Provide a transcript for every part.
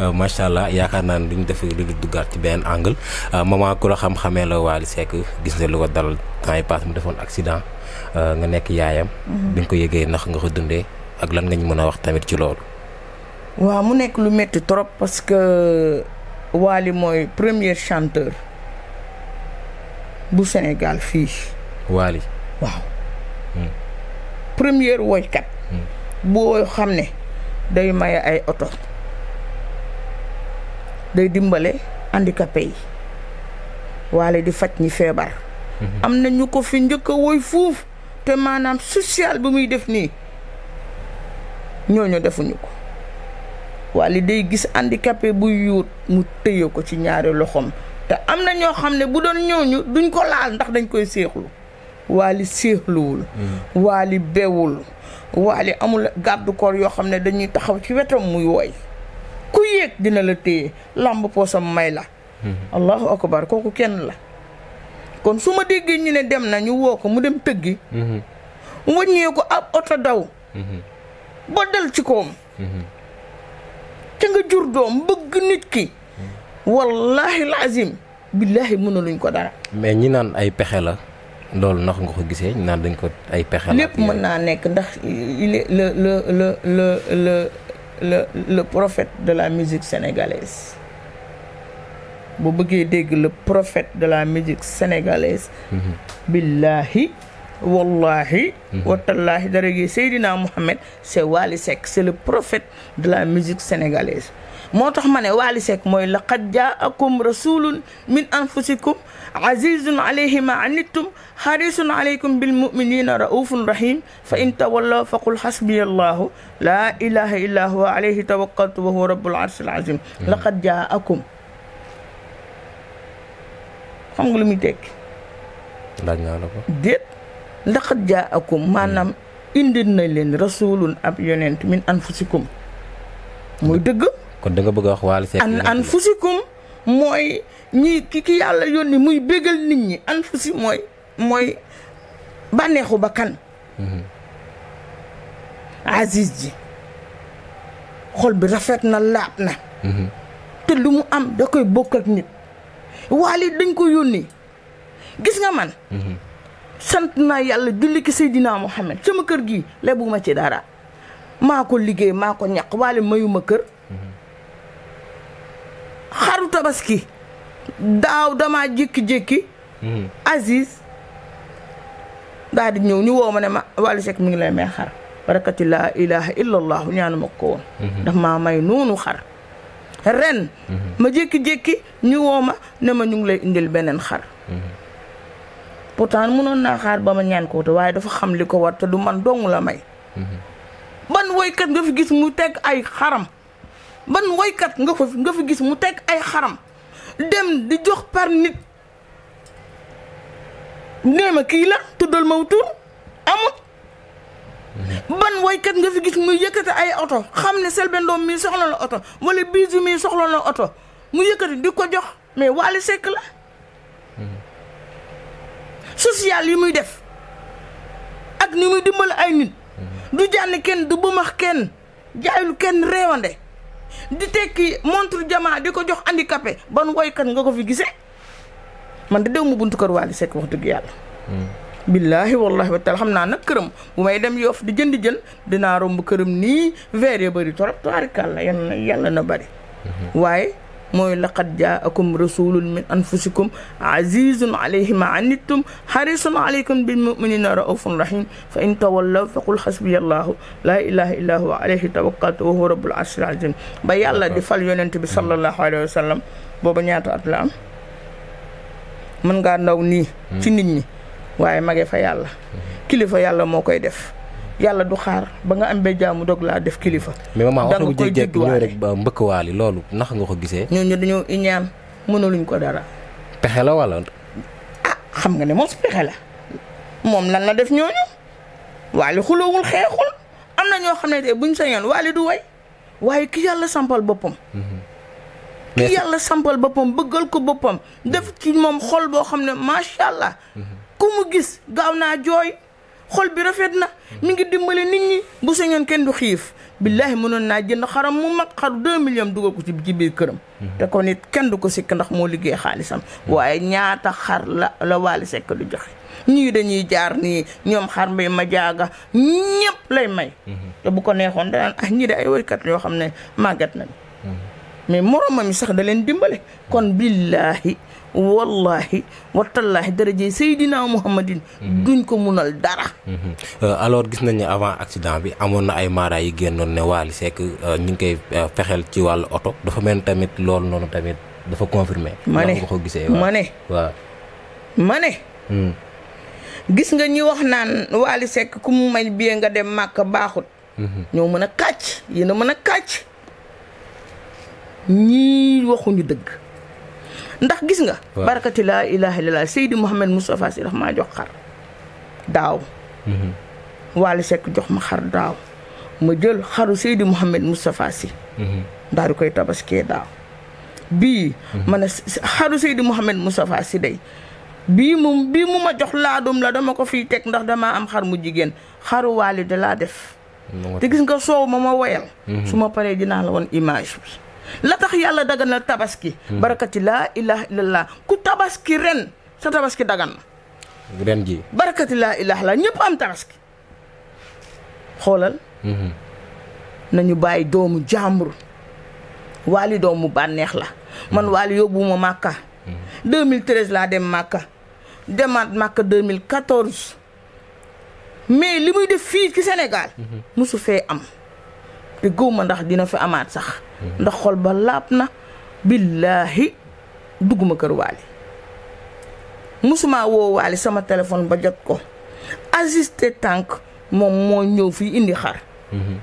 Euh, macha allah yaakaar naa ne duñ def lu duggaat ci benn angle euh, maman ku la xam-xamee la Wally Seck gis nga lu ko dalal temps yi mu defoon accident euh, nga nekk yaayam. Mhm. bi nga ko yëgee nax nga ko dundee ak lan nga ñu mën a wax tamit ci loolu. waa mu nekk lu metti trop parce que Wally mooy premier chanteur bu Sénégal fii. Wally waaw. Hmm. premier woykat. Hmm. boo xam ne day maye ay oto. day dimbale handicapé yi waale di faj ñi feebar mhm. am na ñu ko fi njëkk a woy fuuf te maanaam social bi muy def nii ñooñu defuñu ko waale day gis handicapé buy yuut mu tëye ko ci ñaari loxoom te am na ñoo xam ne bu doon ñooñu duñ ko laal ndax dañ koy séexlu waali séexluwul mhm. waali bewul waali amul garde corps yoo xam ne dañuy taxaw ci wetam muy woy dina la téye làmb poosam may la mhm. allahu akbar kooku kenn la kon su ma déggee ñu ne dem na ñu woo ko mu dem tëggi mhm. wàññee ko ab oto daw mhm. ba dal ci koom te nga jur doom bëgg nit ki wallaahi laazim billaahi mënuluñ ko dara mais ñi naan ay pexe la loolu ndax nga ko gisee ñu naan dañ ko ay pexe lépp mën naa nekk ndax le le la le le le le prophète de la musique sénégalaise boo bëggee dégg le prophète de la musique sénégalaise mm-hmm. billahi wallahi mm-hmm. watallahi darëgee Seydina Mohamed c'est Wally Seck c'est le prophète de la musique sénégalaise moo tax ma ne Wally mooy laqad jaakum rasulun min anfusikum azizun alayhi ma anittum harisun alaykum bil muminina rahim fa in faqul hasbiya allahu laa ilaha illa huwa alayhi tawakkaltu wa huwa rabbul arshil azim laqad maanaam hmm. indil na leen rasulun ab yonent min anfusikum muy dëgg kon danga bëgg a wax Wally Seck. an an fusikum mooy ñi ki ki yàlla yónni muy bégal nit ñi an fusi mooy mooy bànneexu ba kan. Mhm. Aziz ji xol bi rafet na laab na. Mhm. te lu mu am da koy bokk ak nit. Wally dañ ko yónni gis nga man. Mhm. sant naa yàlla julli ki Seydina Mohamed sama kër gi lebuma ci dara maa ko liggéey maa ko ñaq Wally mayuma kër. tabaski daaw damaa jékki-jékki. Hmm. Aziz daal di ñëw ñu woo ma ne ma Wally Seck mi ngi lay may xar barakati laa ilaha illallah ñaanu ma ko woon. Hmm. daf maa may noonu xar. ren. Hmm. ma jékki-jékki ñu woo ma ne ma ñu ngi lay indil beneen xar. pourtant mënoon naa xaar ba ma ñaan ko te waaye dafa xam li ko war te du man dong la may. ban woykat nga fi gis mu teg ay xaram. ban woykat nga fa nga fa gis mu teg ay xaram dem di jox par nit nee ma kii la tuddal ma tur amut ban woykat nga fi gis muy yëkkati ay oto xam ne Selbé Ndom mii soxla la oto walla Bijou mii soxla la oto mu yëkkati di ko jox mais Wally sekk la social yi muy def ak ni muy dimbali ay nit du jànn kenn du bëmax kenn jaayul kenn réewande di tekki montre jamaa di ko jox andi handicapé ban woykat nga ko fi gisee man da déw ma buntu kër Wally Seck wax dëgg yàlla hmm. billaahi wallahi wa xam naa nag këram bu may dem yoof di jën di jën dinaa romb këram nii veere bëri torop tubaarikàlla yàlla na yàlla na bari hmm. waaye mooy laqad jaakum rasulun min anfusikum azizun alayhi ma anittum harisun alaykum bil muminina raufun rahim fa in tawallaw faqul hasbiya allahu laa ilaha illa huwa alayhi tawakkaltu wa huwa rabbul arshil azim ba yàlla di fal yonent bi sallallahu alayhi wa booba ñaata at la am mën ngaa ndaw nii ci nit ñi waaye magee fa yàlla kilifa yàlla moo koy def yàlla du xaar ba nga am bee jaamu dog laa def kilifa. mais maman wax nga koy jéggiwaale rek ba mbëkkwaale loolu nax nga ko gisee. ñooñu dañoo iñaan ñu ko dara. pexe la wala. ah xam nga ne moom pexe la moom lan la def ñooñu waali xuloowul xeexul am na ñoo xam ne tey buñ sañoon waali du way waaye kii yàlla sampal boppam. Mm-hmm. ki yàlla sampal boppam bëggal ko boppam def ci moom xol boo xam ne macha allah. Mm-hmm. ku mu gis gaaw naa jooy. xol bi rafet na mi ngi dimbali nit ñi bu sañoon kenn du xiif billaahi mënoon naa jënd xaram mu mag xaru 2 millions dugal ko ci ci biir këram mhm. te kon it kenn du ko sikk ndax moo liggéey xaalisam mhm. waaye ñaata xar la la Wally Seck du joxe ñii dañuy jaar nii ñoom xar mbay ma jaaga ñëpp lay may mhm. te bu ko neexoon danaan ah ñii de ay woykat yoo xam ne màggat nañ mais moromam yi sax da leen dimbale kon billaahi wallahi watallaahi daraje Seydina Muhammadin mhm. duñ ko munal dara. Mhm. Euh, alors gis nañ ne avant accident bi amoon na ay maara yi génnoon ne Wally Seck euh, ñu ngi koy euh, fexeel ci wàllu oto dafa mel tamit loolu noonu tamit dafa confirmé. ma ne ko gisee ma ne waaw hmm. gis nga ñi wax naan Wally Seck ku mu may biyee nga dem màkk baaxut. Hmm. ñoo mën a kàcc yéen a mën a kàcc. ñii waxuñu dëgg ndax gis nga barakati laa ilaaha illallaah Seydi Mouhamed Moustapha Sy daf maa jox xar daaw mhm. Waly Seck jox ma xar daaw ma jël xaru Seydi Mouhamed Moustapha Sy mhm. koy tabaskee daaw mhm. ma xaru Seydi Mouhamed Moustapha Sy day bii mu bii mu ma jox laadum la dama ko fiy teg ndax dama am xar mu jigéen xaru Waly da laa def te gis nga soow ma ma woyal su ma paree dinaa la woon image bi la tax yàlla daganal tabaski. Hmm. barkati laa ilaha illallah ku tabaski ren sa tabaski dagan na. ren ji barakati laa ilaha ñëpp am tabaski. xoolal. Hmm. nañu bàyyi doomu jàmbur. waali doomu bànneex la. man hmm. waali yóbbuwuma màkka. 2013 laa dem màkka. demaat màkka 2014. mais li muy def fii ci Sénégal. mosu fee am. te ma ndax dina fi amaat sax ndax xol ba laab na billaahi dugguma kër waali musuma woo waali sama téléphone ba jot ko assisté tànk moom moo ñëw fii indi xar mhm.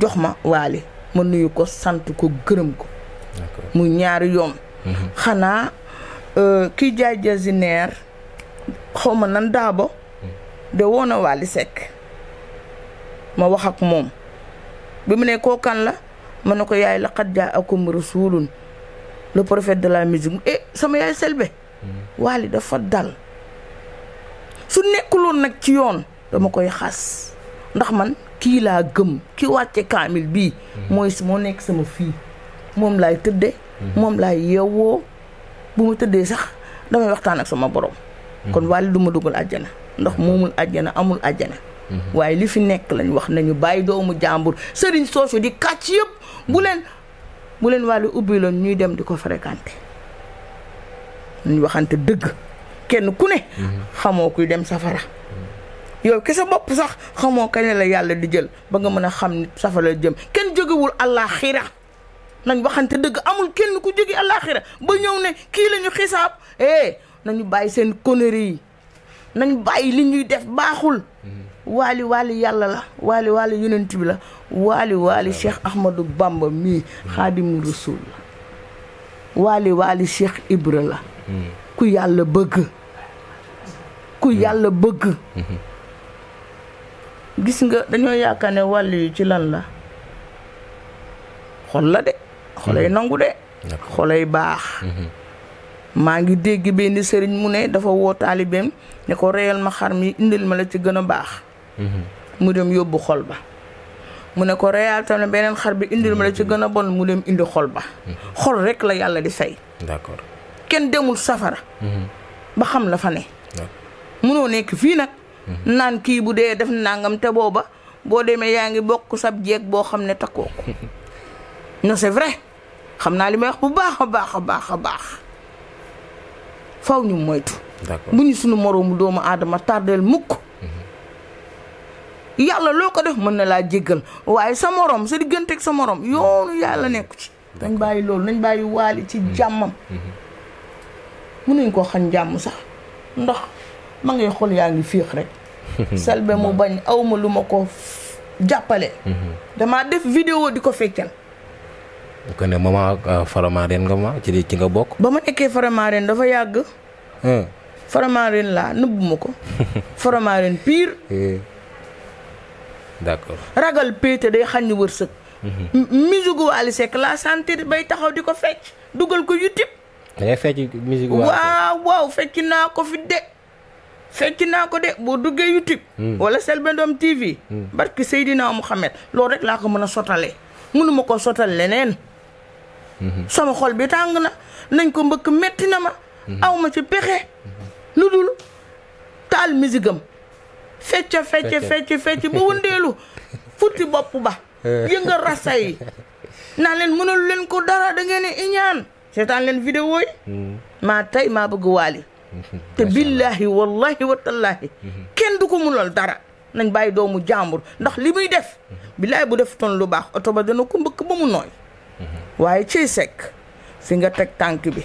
jox ma waali ma nuyu ko sant ko gërëm ko muy ñaari yoon mhm. xanaa euh, kii jaay jasineer xaw ma nan daabo mhm. de woo na waali sekk ma wax ak moom bi mu ne koo kan la ma na ko yaay laqad jaakum rasulun le prophète de la musique eh sama yaay Selbé hmm. Wally dafa dal su nekkuloon nag ci yoon dama koy xas ndax man kii laa gëm ki wàcce kaamil bii hmm. mooy moo nekk sama fii moom laay tëdde hmm. moom laay yeewoo bu ma tëddee sax damay waxtaan ak sama borom kon Wally du ma dugal àjjana ndax moomul àjjana amul àjjana Mhm. waaye li fi nekk lañ wax nañu bàyyi doomu jàmbur sëriñ soosu di kàcc yëpp bu leen bu leen wàllu ubbi loon ñuy dem di ko fréquenté ñu waxante dëgg kenn ku ne mhm. xamoo kuy dem safara mhm. yow ki sa bopp sax xamoo kañ la yàlla di jël ba nga mën a xam ni safara jëm kenn jógewul àllaaxira nañ waxante dëgg amul kenn ku jóge àllaaxira ba ñëw ne kii lañu xisaab eh nañu bàyyi seen conneries yi nañ bàyyi li ñuy def baaxul mm-hmm. waali waali yàlla la waali waali yonent bi la waali waali cheikh ahmadou bamba mii xaadimu rasul la waali waali cheikh ibra la mm-hmm. ku yàlla bëgg ku yàlla bëgg mm-hmm. gis nga dañoo yaakaar ne wàll yi ci lan la xol la de xolay nangu de xolay baax maa ngi dégg benn sëriñ mu ne dafa woo taalibeem ne ko reyal ma xar mi indil ma la ci gën a baax. Mm-hmm. mu dem yóbbu xol ba. mu ne ko reyal tam beneen xar bi indil ma la ci mm-hmm. gën a bon mu dem indi xol ba. Mm-hmm. xol rek la yàlla di say d'accord kenn demul safara. ba xam la fa ne. munoo nekk fii nag. naan kii bu dee def nangam te booba boo demee yaa ngi bokk sab jeeg boo xam ne takkoo ko non c'est vrai xam naa li may wax bu baax a baax a baax a baax. faw ñu moytu. bu ñu sunu moroomu doomu aadama tardeel mukk. Mhm. yàlla loo ko def mën na laa jéggal waaye sa moroom sa digganteeg sa moroom mhm. yoonu yàlla nekku ci. dañ bàyyi loolu nañ bàyyi waali ci mhm. jàmmam. mën nañ koo xam jàmm sax ndax ma ngay xool yaa ngi féex rek. Selbé mu bañ awma lu ma ko jàppale. damaa def vidéo di ko feccal. ko ne maman euh, Faramaren nga ma ci ci nga bokk. ba ma nekkee Faramaren dafa yàgg. Hmm. Faramaren laa nëbbuma ma ko. Faramaren pire. Hmm. d'accord ragal péete day xàññi wërsëg. musique mhm. gu Wally laa sentir bay taxaw di ko fecc dugal ko YouTube. da ngay waaw waaw fecc naa ko fi de. fecc naa ko de boo duggee YouTube. Hmm. wala Selbé Ndom TV. barki Seydina Mouhamed loolu rek laa ko mën a sotalee mënuma ko sotal leneen. sama xol bi tàng na nañ ko mbëkk metti na ma aw ma ci pexe lu dul taal misigam fecca fecc fecc fecc ba wëndeelu futti bopp ba yëngal rasa yi naa leen mënul leen ko dara da ngeen iñaan seetaan leen vidéo yi mm. maa tey maa bëgg waali te billahi wallahi wa tallahi mm-hmm. kenn du ko mënal dara nañ bàyyi doomu jàmbur ndax li muy def mm-hmm. billahi bu def toon lu baax oto ba dana ko mbëkk ba mu nooy waaye ciy sekk fi nga teg tànk bi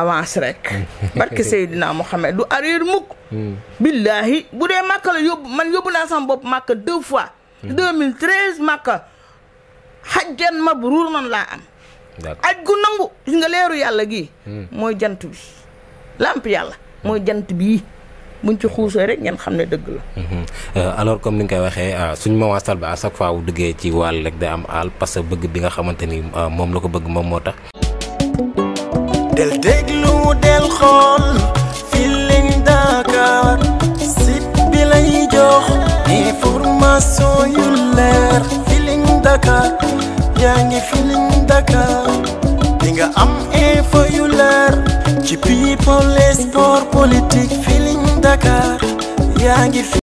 avance rek barke Seydina Mohamed du arrière mukk hmm. billaahi bu dee màkka la yóbbu man yóbbu naa sama bopp màkka deux fois hmm. makka 2013 ma bu mabruur man laa am aj gu nangu gis nga leeru yàlla gi hmm. mooy jant bi làmp yàlla mooy jant bii buñ ci xuusee rek ngeen xam ne dëgg la. Mhm. Euh, alors comme ni nga koy waxee euh, suñu maman Selbé à chaque fois bu duggee ci wàll rek day am àll parce que bëgg bi nga xamante ni euh, moom la ko bëgg moom moo tax. del déglu del xool Feeling Dakar site bi lay jox information yu leer Feeling Dakar yaa ngi Feeling Dakar di nga am info yu leer ci people sport politique Feeling. Dakar yaa ngi fi